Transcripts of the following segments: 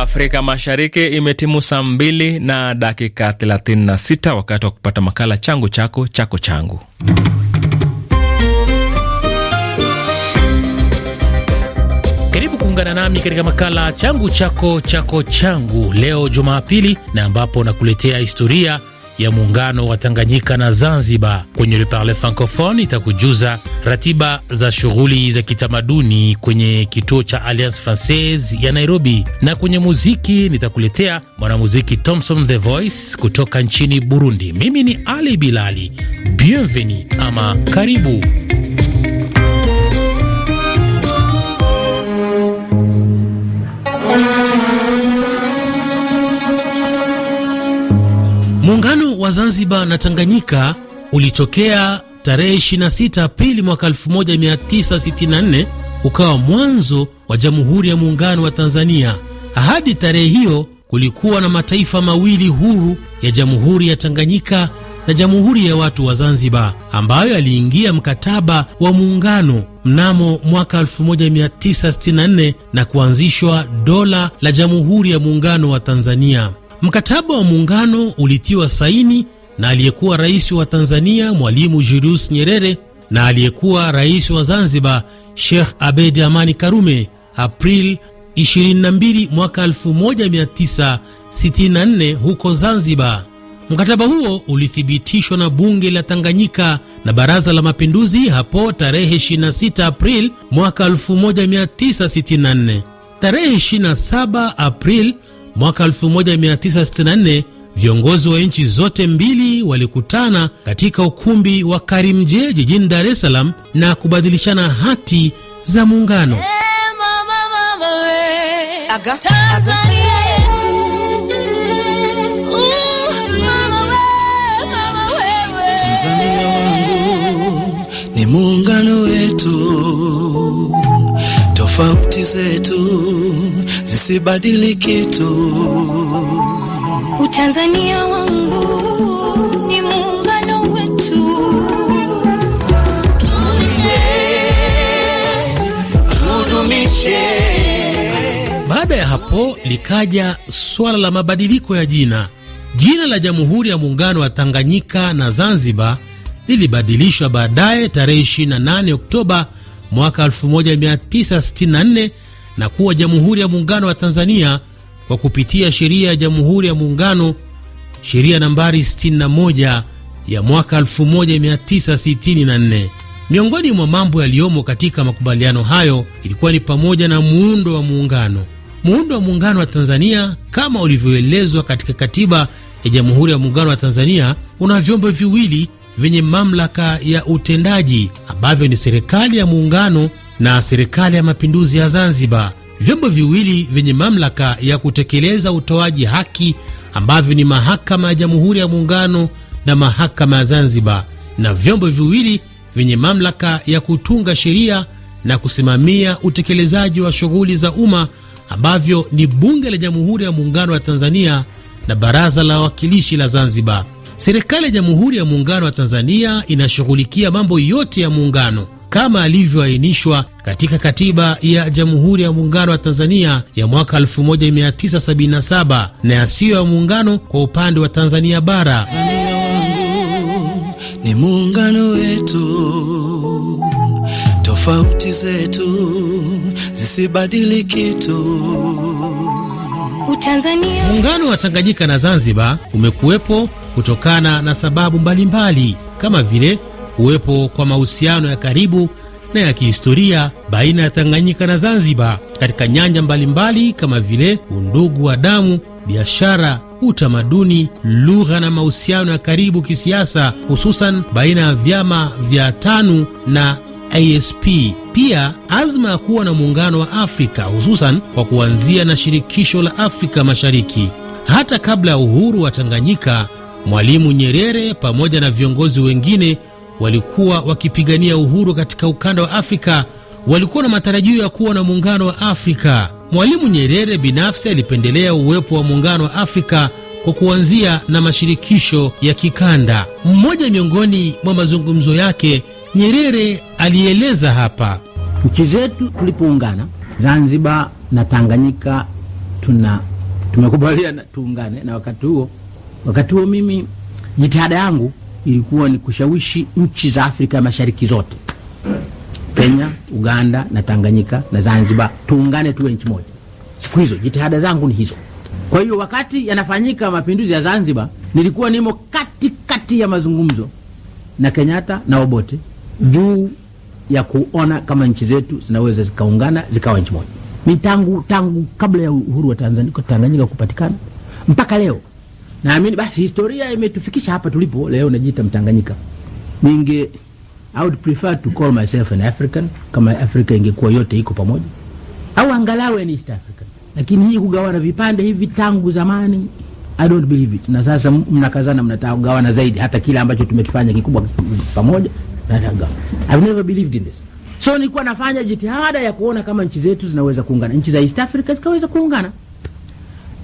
Afrika Mashariki imetimu saa mbili na dakika 36, wakati wa kupata makala changu chako chako changu. Karibu kuungana nami katika makala changu chako chako changu leo Jumapili, na ambapo nakuletea historia ya muungano wa Tanganyika na Zanzibar kwenye Le Parle Francophone itakujuza ratiba za shughuli za kitamaduni kwenye kituo cha Alliance Francaise ya Nairobi, na kwenye muziki nitakuletea mwanamuziki Thompson The Voice kutoka nchini Burundi. Mimi ni Ali Bilali, bienvenue ama karibu. wa Zanzibar na Tanganyika ulitokea tarehe 26 Aprili mwaka 1964 ukawa mwanzo wa Jamhuri ya Muungano wa Tanzania. Hadi tarehe hiyo kulikuwa na mataifa mawili huru ya Jamhuri ya Tanganyika na Jamhuri ya Watu wa Zanzibar ambayo aliingia mkataba wa muungano mnamo mwaka 1964 na kuanzishwa dola la Jamhuri ya Muungano wa Tanzania. Mkataba wa muungano ulitiwa saini na aliyekuwa rais wa Tanzania Mwalimu Julius Nyerere na aliyekuwa rais wa Zanzibar Sheikh Abedi Amani Karume April 22 mwaka 1964 huko Zanzibar. Mkataba huo ulithibitishwa na bunge la Tanganyika na baraza la mapinduzi hapo tarehe 26 April mwaka 1964. Tarehe 27 April mwaka 1964 viongozi wa nchi zote mbili walikutana katika ukumbi wa Karimje jijini Dar es Salaam na kubadilishana hati za muungano. Hey ni muungano wetu, tofauti zetu usibadili kitu. Utanzania wangu ni muungano wetu. Baada ya hapo likaja swala la mabadiliko ya jina. Jina la Jamhuri ya Muungano wa Tanganyika na Zanzibar lilibadilishwa baadaye tarehe 28 Oktoba mwaka 1964 na kuwa Jamhuri ya Muungano wa Tanzania kwa kupitia sheria ya Jamhuri ya Muungano, sheria nambari 61 ya mwaka 1964. Miongoni mwa mambo yaliyomo katika makubaliano hayo ilikuwa ni pamoja na muundo wa muungano. Muundo wa muungano wa Tanzania kama ulivyoelezwa katika katiba ya Jamhuri ya Muungano wa Tanzania una vyombo viwili vyenye mamlaka ya utendaji ambavyo ni serikali ya muungano na serikali ya mapinduzi ya Zanzibar, vyombo viwili vyenye mamlaka ya kutekeleza utoaji haki ambavyo ni mahakama ya Jamhuri ya Muungano na mahakama ya Zanzibar, na vyombo viwili vyenye mamlaka ya kutunga sheria na kusimamia utekelezaji wa shughuli za umma ambavyo ni Bunge la Jamhuri ya Muungano wa Tanzania na Baraza la Wawakilishi la Zanzibar. Serikali ya Jamhuri ya Muungano wa Tanzania inashughulikia mambo yote ya muungano kama alivyoainishwa katika katiba ya Jamhuri ya Muungano wa Tanzania ya mwaka 1977 na yasiyo ya muungano kwa upande wa Tanzania bara. Tanzania wangu ni muungano wetu, tofauti zetu zisibadili kitu. Utanzania. Muungano wa Tanganyika na Zanzibar umekuwepo kutokana na sababu mbalimbali mbali, kama vile kuwepo kwa mahusiano ya karibu na ya kihistoria baina ya Tanganyika na Zanzibar katika nyanja mbalimbali mbali kama vile undugu wa damu, biashara, utamaduni, lugha na mahusiano ya karibu kisiasa, hususan baina ya vyama vya TANU na ASP. Pia azma ya kuwa na muungano wa Afrika hususan kwa kuanzia na shirikisho la Afrika Mashariki. Hata kabla ya uhuru wa Tanganyika, Mwalimu Nyerere pamoja na viongozi wengine walikuwa wakipigania uhuru katika ukanda wa Afrika walikuwa na matarajio ya kuwa na muungano wa Afrika. Mwalimu Nyerere binafsi alipendelea uwepo wa muungano wa Afrika kwa kuanzia na mashirikisho ya kikanda. Mmoja miongoni mwa mazungumzo yake, Nyerere alieleza hapa: nchi zetu tulipoungana, Zanzibar na Tanganyika, tuna tumekubaliana tuungane, na wakati huo wakati huo mimi jitihada yangu ilikuwa ni kushawishi nchi za Afrika ya Mashariki zote, Kenya, Uganda na Tanganyika na Zanzibar, tuungane tuwe nchi moja. Siku hizo jitihada zangu ni hizo. Kwa hiyo wakati yanafanyika mapinduzi ya Zanzibar, nilikuwa nimo katikati kati ya mazungumzo na Kenyatta na Obote juu ya kuona kama nchi zetu zinaweza zikaungana zikawa nchi moja. Ni tangu tangu kabla ya uhuru wa Tanzania Tanganyika kupatikana mpaka leo naamini basi historia imetufikisha hapa tulipo leo. Najiita Mtanganyika, ninge I would prefer to call myself an African kama Afrika ingekuwa yote iko pamoja, au angalau an East African. Lakini hii kugawana vipande hivi tangu zamani, I don't believe it. Na sasa mnakazana, mnagawana zaidi, hata kile ambacho tumekifanya kikubwa pamoja. I've never believed in this. So nilikuwa nafanya jitihada ya kuona kama nchi zetu zinaweza kuungana, nchi za East Africa zikaweza kuungana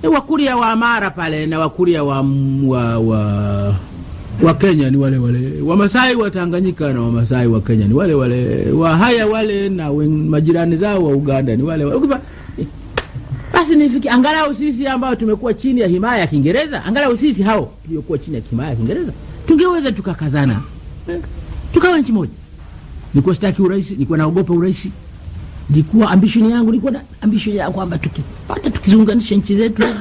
e, Wakuria wa mara pale na Wakuria wa, wa, wa, wa Kenya ni wale wale, Wamasai wa Tanganyika na Wamasai wa Kenya ni wale wale, Wahaya wale na wen, majirani zao wa Uganda ni wale wale. Ukipa, basi nifiki angalau sisi ambao tumekuwa chini ya himaya ya Kiingereza, angalau sisi hao tuliokuwa chini ya himaya ya Kiingereza tungeweza tukakazana eh, tukawa nchi moja. Nikuwa sitaki urais, nikuwa naogopa urahisi Ilikuwa ambition yangu, ilikuwa ambition ya kwamba tukipata tukiziunganisha nchi zetu hizi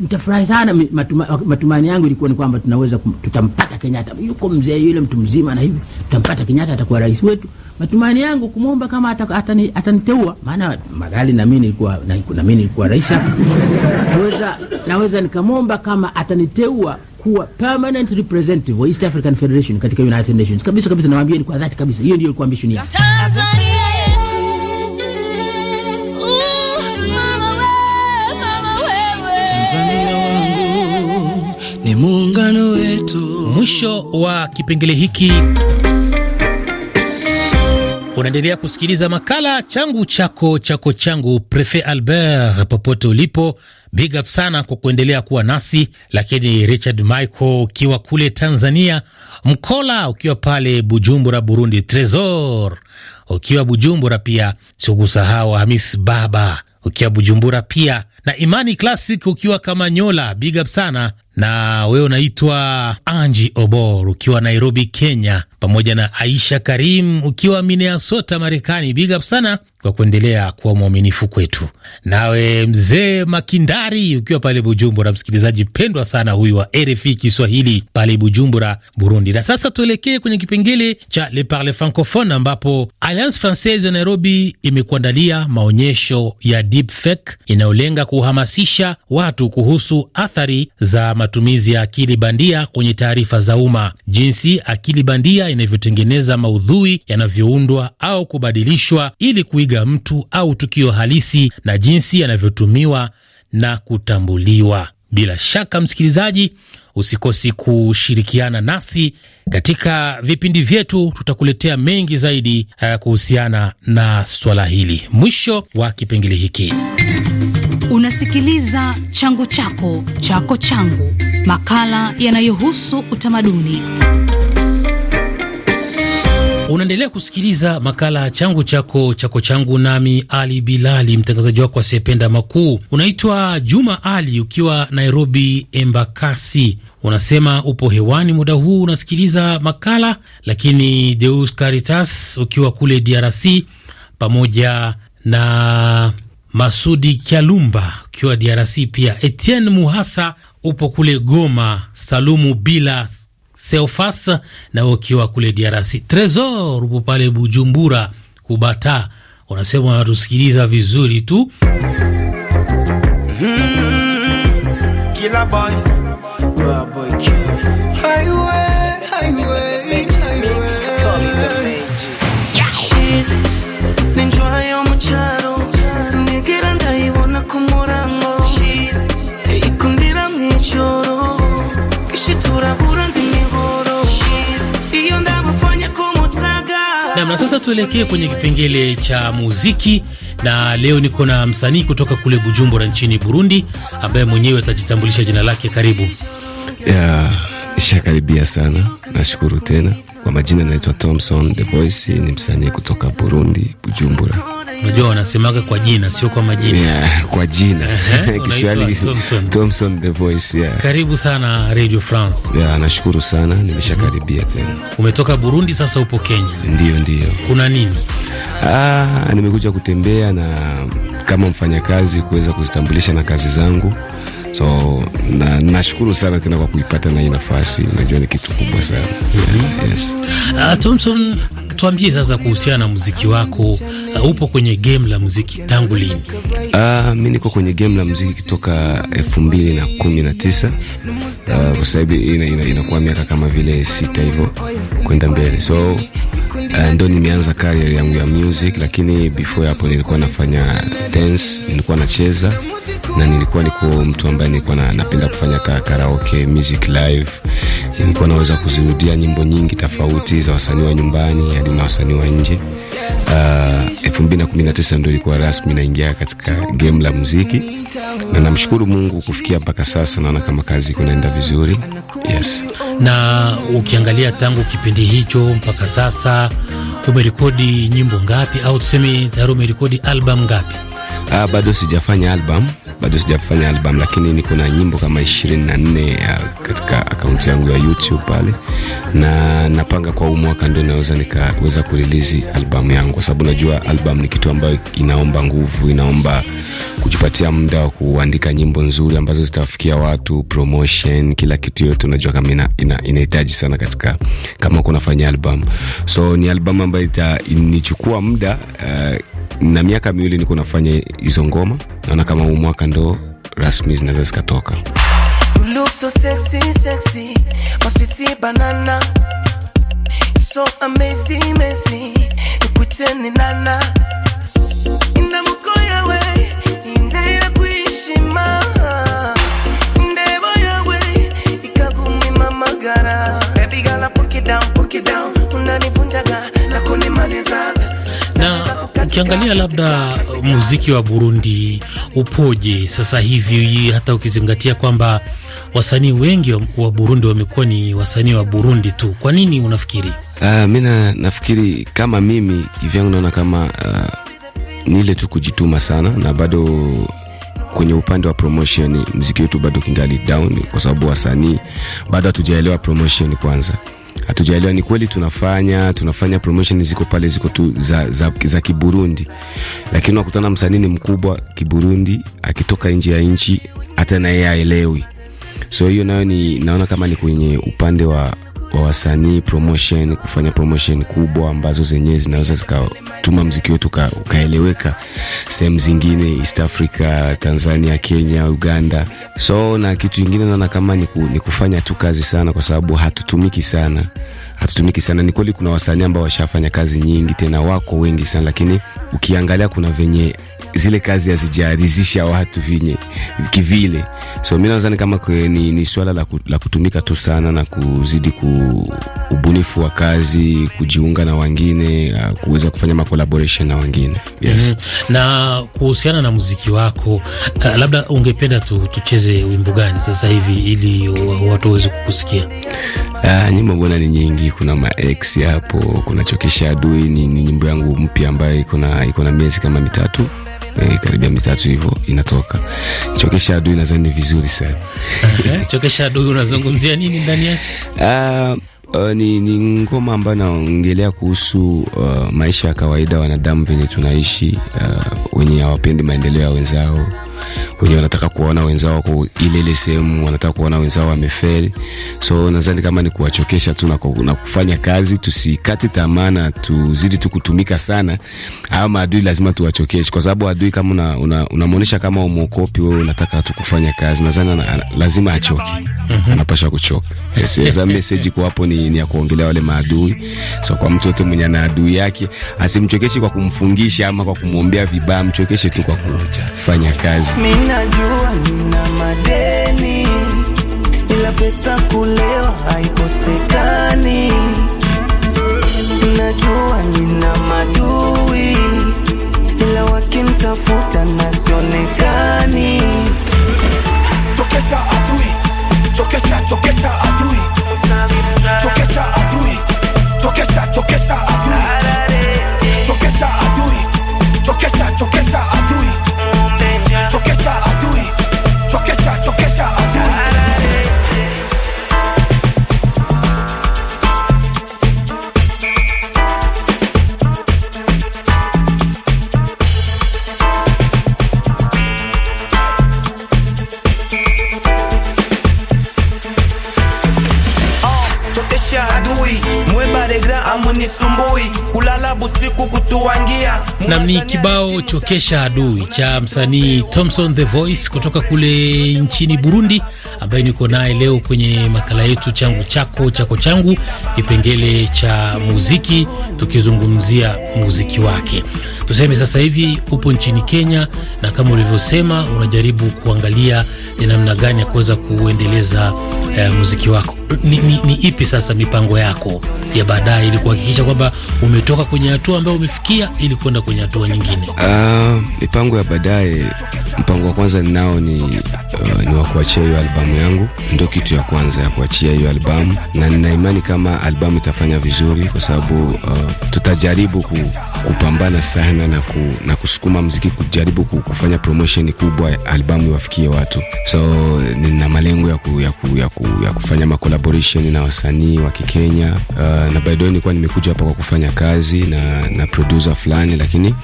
nitafurahi sana. Matuma, matumaini yangu ilikuwa ni kwamba tunaweza kum, tutampata Kenyatta, yuko mzee yule mtu mzima na hivi tutampata Kenyatta, atakuwa rais wetu. Matumaini yangu kumwomba kama ataniteua, atani maana Magali na mimi nilikuwa na, na mimi nilikuwa rais hapa naweza, naweza nikamwomba kama ataniteua kuwa permanent representative wa East African Federation katika United Nations kabisa kabisa, nawaambia ni kwa dhati kabisa, hiyo ndio ilikuwa ambition yangu. ni muungano wetu. Mwisho wa kipengele hiki. Unaendelea kusikiliza makala changu chako chako changu. Prefet Albert, popote ulipo, big up sana kwa kuendelea kuwa nasi. Lakini Richard Michael ukiwa kule Tanzania, Mkola ukiwa pale Bujumbura Burundi, Tresor ukiwa Bujumbura pia, sikusahau Hamis Baba ukiwa Bujumbura pia, na Imani Classic ukiwa Kamanyola, big up sana na wewe unaitwa Anji Obor ukiwa Nairobi, Kenya, pamoja na Aisha Karim ukiwa Minnesota, Marekani. Big up sana kwa kuendelea kuwa mwaminifu kwetu. Nawe mzee Makindari ukiwa pale Bujumbura, msikilizaji pendwa sana huyu wa RFI Kiswahili pale Bujumbura, Burundi. Na sasa tuelekee kwenye kipengele cha Le Parle Francophone, ambapo Alliance Francaise ya Nairobi imekuandalia maonyesho ya deepfake inayolenga kuhamasisha watu kuhusu athari za matumizi ya akili bandia kwenye taarifa za umma, jinsi akili bandia inavyotengeneza maudhui yanavyoundwa au kubadilishwa ili kuiga mtu au tukio halisi, na jinsi yanavyotumiwa na kutambuliwa. Bila shaka, msikilizaji, usikosi kushirikiana nasi katika vipindi vyetu, tutakuletea mengi zaidi eh, kuhusiana na swala hili mwisho wa kipengele hiki. Unasikiliza Changu Chako Chako Changu, makala yanayohusu utamaduni. Unaendelea kusikiliza makala changu chako chako changu, nami Ali Bilali, mtangazaji wako asiyependa makuu. Unaitwa Juma Ali ukiwa Nairobi Embakasi, unasema upo hewani muda huu unasikiliza makala. Lakini Deus Caritas ukiwa kule DRC pamoja na Masudi Kyalumba ukiwa DRC, pia Etienne Muhasa upo kule Goma, Salumu Bila Seofas na ukiwa kule DRC, Tresor upo pale Bujumbura, Kubata, unasema wanatusikiliza vizuri tu. Mm, na sasa tuelekee kwenye kipengele cha muziki, na leo niko na msanii kutoka kule Bujumbura nchini Burundi ambaye mwenyewe atajitambulisha jina lake. Karibu. Yeah, ishakaribia sana. Nashukuru tena kwa majina, naitwa Thompson The Voice, ni msanii kutoka Burundi, Bujumbura. Unajua wanasemaga kwa jina sio kwa majina. Yeah, kwa jina. Kiswahili Thompson. Thompson the voice, yeah. Karibu sana Radio France. Yeah, nashukuru sana nimeshakaribia tena. Umetoka Burundi sasa upo Kenya. Ndio, ndio. Kuna nini? Ah, nimekuja kutembea na kama mfanyakazi kuweza kuzitambulisha na kazi zangu. So na nashukuru sana tena kwa kuipata na hii nafasi, najua ni kitu kubwa sana yeah, mhm. yes. Uh, Thompson, tuambie sasa kuhusiana na muziki wako. Uh, upo kwenye game la muziki tangu lini? Uh, ah, mi niko kwenye game la muziki toka elfu mbili na kumi na tisa kwa sababu inakuwa miaka kama vile sita hivyo kwenda mbele so Uh, ndo nimeanza career yangu ya music, lakini before hapo nilikuwa nafanya dance, nilikuwa nacheza na nilikuwa niko mtu ambaye nilikuwa na, napenda kufanya karaoke music live. Nilikuwa naweza kuzirudia nyimbo nyingi tofauti za wasanii wa nyumbani hadi na wasanii wa nje. Eh, elfu mbili na kumi na tisa ilikuwa rasmi naingia katika game la muziki, na namshukuru Mungu kufikia mpaka sasa naona kama kazi kunaenda vizuri. Yes, na ukiangalia tangu kipindi hicho mpaka sasa umerekodi nyimbo ngapi, au tuseme tayari umerekodi albamu ngapi? Uh, bado sijafanya album, bado sijafanya album, lakini niko na nyimbo kama 24 uh, ah, katika akaunti yangu ya YouTube pale, na napanga kwa huu mwaka ndio naweza nikaweza kurelease album yangu, kwa sababu najua album ni kitu ambayo inaomba nguvu, inaomba kujipatia muda wa kuandika nyimbo nzuri ambazo zitawafikia watu, promotion, kila kitu yote, unajua kama ina, ina, inahitaji sana katika kama kunafanya album. So ni album ambayo itanichukua muda uh, na miaka miwili niko nafanya hizo ngoma. Naona kama huu mwaka ndo rasmi zinaweza zikatoka. Ukiangalia labda uh, muziki wa Burundi upoje sasa hivi, hata ukizingatia kwamba wasanii wengi wa Burundi wamekuwa ni wasanii wa Burundi tu, kwa nini unafikiri? Uh, mi nafikiri kama mimi kivyangu naona kama uh, ni ile tu kujituma sana, na bado kwenye upande wa promotion mziki wetu bado kingali down, kwa sababu wasanii bado hatujaelewa promotion kwanza hatujaelewa. Ni kweli tunafanya tunafanya promotion ziko pale ziko tu za, za, za Kiburundi, lakini unakutana msanii ni mkubwa Kiburundi akitoka nje ya nchi, hata naye aelewi. So hiyo nayo ni naona kama ni kwenye upande wa wa wasanii promotion, kufanya promotion kubwa ambazo zenyewe zinaweza zikatuma mziki wetu ukaeleweka sehemu zingine, East Africa, Tanzania, Kenya, Uganda. So na kitu kingine naona kama ni, ku, ni kufanya tu kazi sana, kwa sababu hatutumiki sana hatutumiki sana. Ni kweli kuna wasanii ambao washafanya kazi nyingi, tena wako wengi sana, lakini ukiangalia kuna venye zile kazi hazijaridhisha watu vinye kivile. So mi nazani kama kwe, ni, ni swala la, la kutumika tu sana na kuzidi ku ubunifu wa kazi, kujiunga na wengine, ah, kuweza kufanya makolaboration na wengine yes. Mm -hmm. Na kuhusiana na muziki wako uh, labda ungependa tu, tucheze wimbo gani sasa hivi ili watu waweze kukusikia? Ah, nyimbo mbona ni nyingi, kuna max hapo, kuna chokesha adui ni, ni nyimbo yangu mpya ambayo iko na iko na miezi kama mitatu eh, karibia mitatu hivyo inatoka. Chokesha adui nadhani ni vizuri sana. Chokesha adui unazungumzia nini ndani yake? Ah, Uh, ni, ni ngoma ambayo naongelea kuhusu uh, maisha ya kawaida wanadamu venye tunaishi, uh, wenye hawapendi maendeleo ya wenzao wenye wanataka kuwaona wenzao wako ile ile sehemu, wanataka kuwaona wenzao wamefeli. So nadhani kama ni kuwachokesha tu na kufanya kazi, tusikate tamaa, tuzidi tu kutumika sana. Hawa maadui lazima tuwachokeshe, kwa sababu adui kama unamwonyesha una, una kama umwokopi wewe, unataka tu kufanya kazi, nadhani lazima achoke mm -hmm. anapasha kuchoka. Sasa message kwa hapo ni, ni ya kuongelea wale maadui. So kwa mtu yote mwenye ana adui yake asimchokeshe kwa kumfungisha ama kwa kumwombea vibaya, mchokeshe tu kwa kufanya kazi. Mimi najua nina madeni, ila pesa kulewa haikosekani. Najua nina madui, ila wakinitafuta nasionekani. Chokesha adui Chokesha, chokesha adui, chokesha adui, chokesha, chokesha adui, chokesha adui, chokesha, chokesha adui. ni kibao chokesha adui cha msanii Thompson the Voice kutoka kule nchini Burundi, ambaye niko naye leo kwenye makala yetu changu chako chako changu, kipengele cha muziki, tukizungumzia muziki wake. Tuseme sasa hivi upo nchini Kenya, na kama ulivyosema, unajaribu kuangalia ni namna gani ya kuweza kuendeleza eh, muziki wako ni, ni, ni ipi sasa mipango yako ya baadaye ili kuhakikisha kwamba umetoka kwenye hatua ambayo umefikia ili kwenda kwenye hatua nyingine? Uh, mipango ya baadaye, mpango wa kwanza ninao ni, uh, ni wa kuachia hiyo albamu yangu, ndio kitu ya kwanza ya kuachia hiyo albamu, na ninaimani kama albamu itafanya vizuri kwa sababu uh, tutajaribu ku, kupambana sana na, ku, na kusukuma mziki kujaribu kufanya promotion kubwa, albamu iwafikie watu, so nina malengo ya, ku, ya, ku, ya, ku, ya kufanya makola collaboration na wasanii wa Kikenya uh, na by the way nilikuwa nimekuja hapa kwa kufanya kazi na, na producer fulani, lakini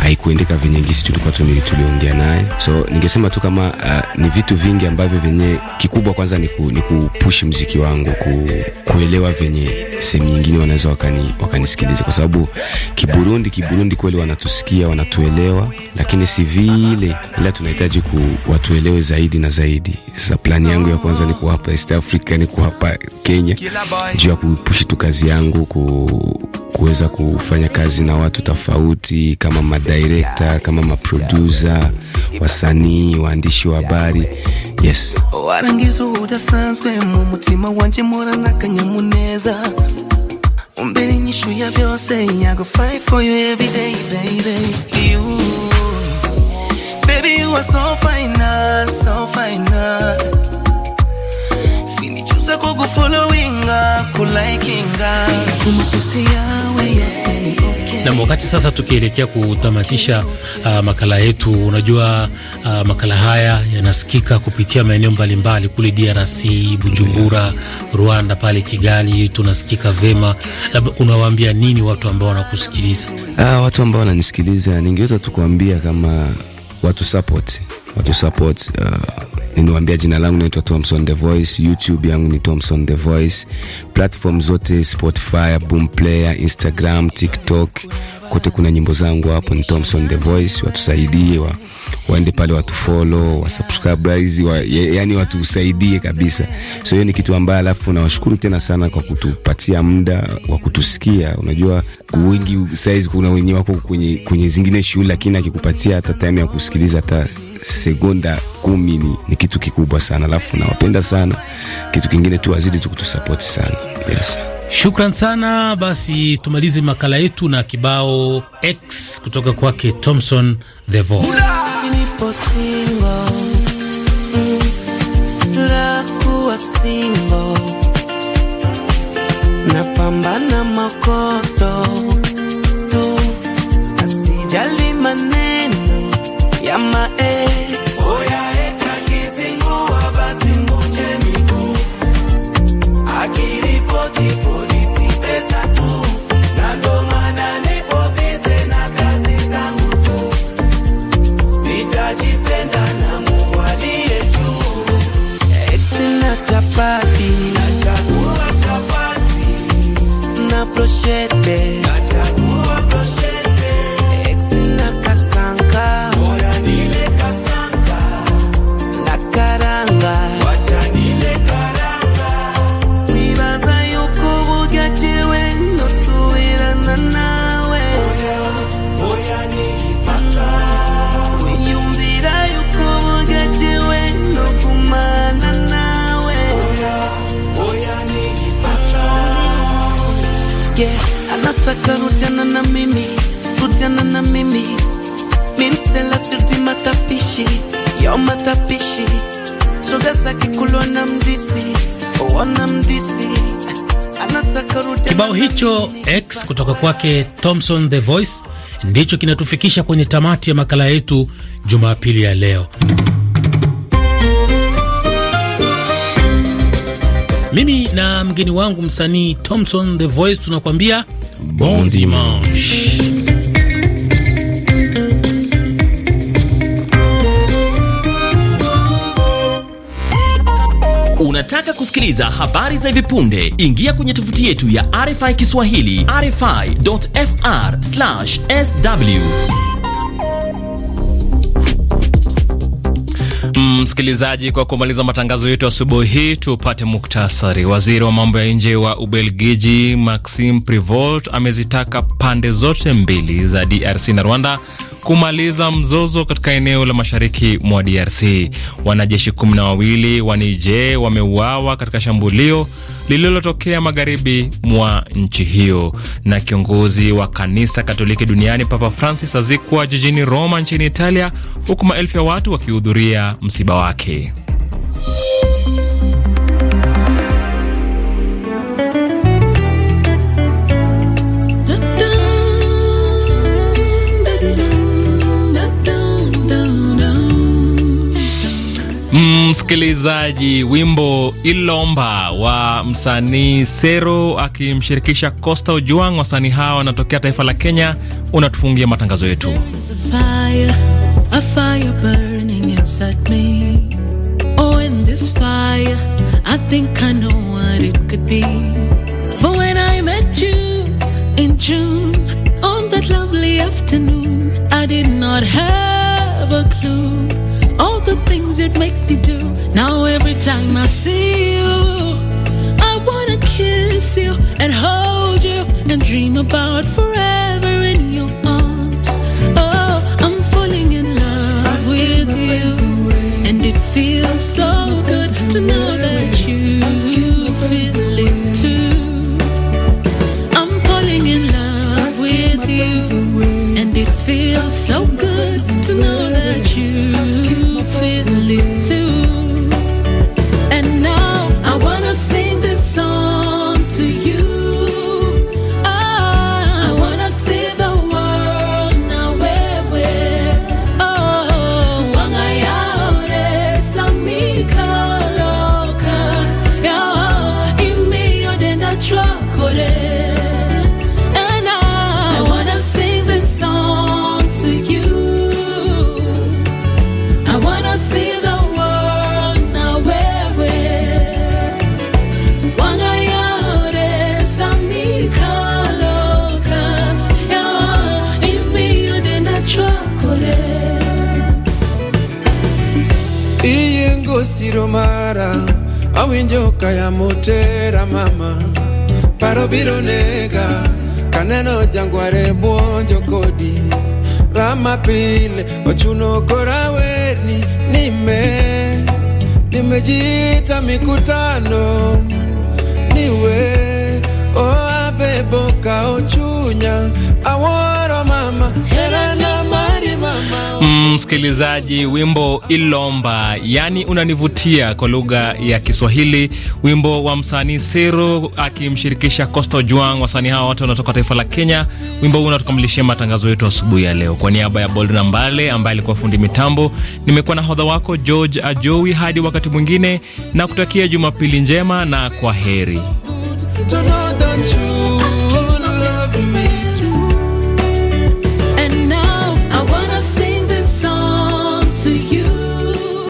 haikuendeka venye ngisi tulikuwa tuliongea naye, so ningesema tu kama uh, ni vitu vingi ambavyo venye kikubwa kwanza ni, ku, ni kupush mziki wangu ku, kuelewa venye sehemu nyingine wanaweza wakani, wakanisikiliza kwa sababu Kiburundi, Kiburundi kweli wanatusikia wanatuelewa, lakini si vile, ila tunahitaji watuelewe zaidi na zaidi. Sasa plani yangu ya kwanza ni kuwapa East Africa ni kuwa hapa Kenya juu ya kupushi tu kazi yangu ku, kuweza kufanya kazi na watu tofauti kama madirekta kama maproducer, wasanii, waandishi wa habari. Yes, warangizo udasanzwe mu mutima wanje mora mpora n'akanyamuneza umbere nyishu ya vyose yago fight for you every day baby you baby you are so fine now Nam, wakati sasa tukielekea kutamatisha uh, makala yetu. Unajua uh, makala haya yanasikika kupitia maeneo mbalimbali kule DRC, Bujumbura, Rwanda, pale Kigali tunasikika vema. Labda unawaambia nini watu ambao wanakusikiliza? Uh, watu ambao wananisikiliza, ningeweza tu kuambia kama watu support, watu support uh, Niliwaambia jina langu naitwa Thomson The Voice, YouTube yangu ni Thomson The Voice, platform zote Spotify, Boom Player, Instagram, TikTok, kote kuna nyimbo zangu hapo, ni Thomson The Voice. Watusaidie wa, waende pale watufollow, wasubscribe wa, yani watusaidie kabisa. So hiyo ni kitu ambayo, alafu nawashukuru tena sana kwa kutupatia muda wa kutusikia. Unajua wengi saizi kuna wenye wako kwenye, kwenye zingine shughuli, lakini akikupatia hata time ya kusikiliza hata sekunda kumi ni, ni kitu kikubwa sana, alafu nawapenda sana. Kitu kingine tu wazidi tu kutusapoti sana yes. Shukran sana. Basi tumalize makala yetu na kibao X kutoka kwake Thompson the Napambana makoto tu, asijali maneno ya Kibao hicho X kutoka kwake thomson the Voice ndicho kinatufikisha kwenye tamati ya makala yetu Jumapili ya leo. Mimi na mgeni wangu msanii thomson the Voice tunakuambia bon dimanche. Unataka kusikiliza habari za hivi punde? Ingia kwenye tovuti yetu ya RFI Kiswahili, rfi.fr/sw. Msikilizaji kwa kumaliza matangazo yetu asubuhi hii, tupate muktasari. Waziri wa mambo ya nje wa Ubelgiji Maxime Prevot amezitaka pande zote mbili za DRC na Rwanda kumaliza mzozo katika eneo la mashariki mwa DRC. Wanajeshi kumi na wawili wa Niger wameuawa katika shambulio lililotokea magharibi mwa nchi hiyo. Na kiongozi wa kanisa Katoliki duniani Papa Francis azikwa jijini Roma nchini Italia, huku maelfu ya watu wakihudhuria msiba wake. Msikilizaji, wimbo Ilomba wa msanii Sero akimshirikisha Costa Ojuang, wasanii hawa wanatokea taifa la Kenya, unatufungia matangazo yetu. the things you'd make me do. Now every time I see you, I wanna kiss you and hold you and dream about forever kaya motera mama paro biro nega kaneno jangware buonjo kodi rama pile ochuno kora werni nime nimejita mikutano niwe oabeboka ochunya aworo mama Msikilizaji, mm, wimbo Ilomba yani unanivutia kwa lugha ya Kiswahili, wimbo wa msanii sero akimshirikisha Costa Juang. Wasanii hawa wote wanatoka taifa la Kenya. Wimbo huu unatukamilishia matangazo yetu asubuhi ya leo. Kwa niaba ya Bold na Mbale ambaye alikuwa fundi mitambo, nimekuwa na hodha wako George Ajowi. Hadi wakati mwingine, na kutakia Jumapili njema na kwa heri.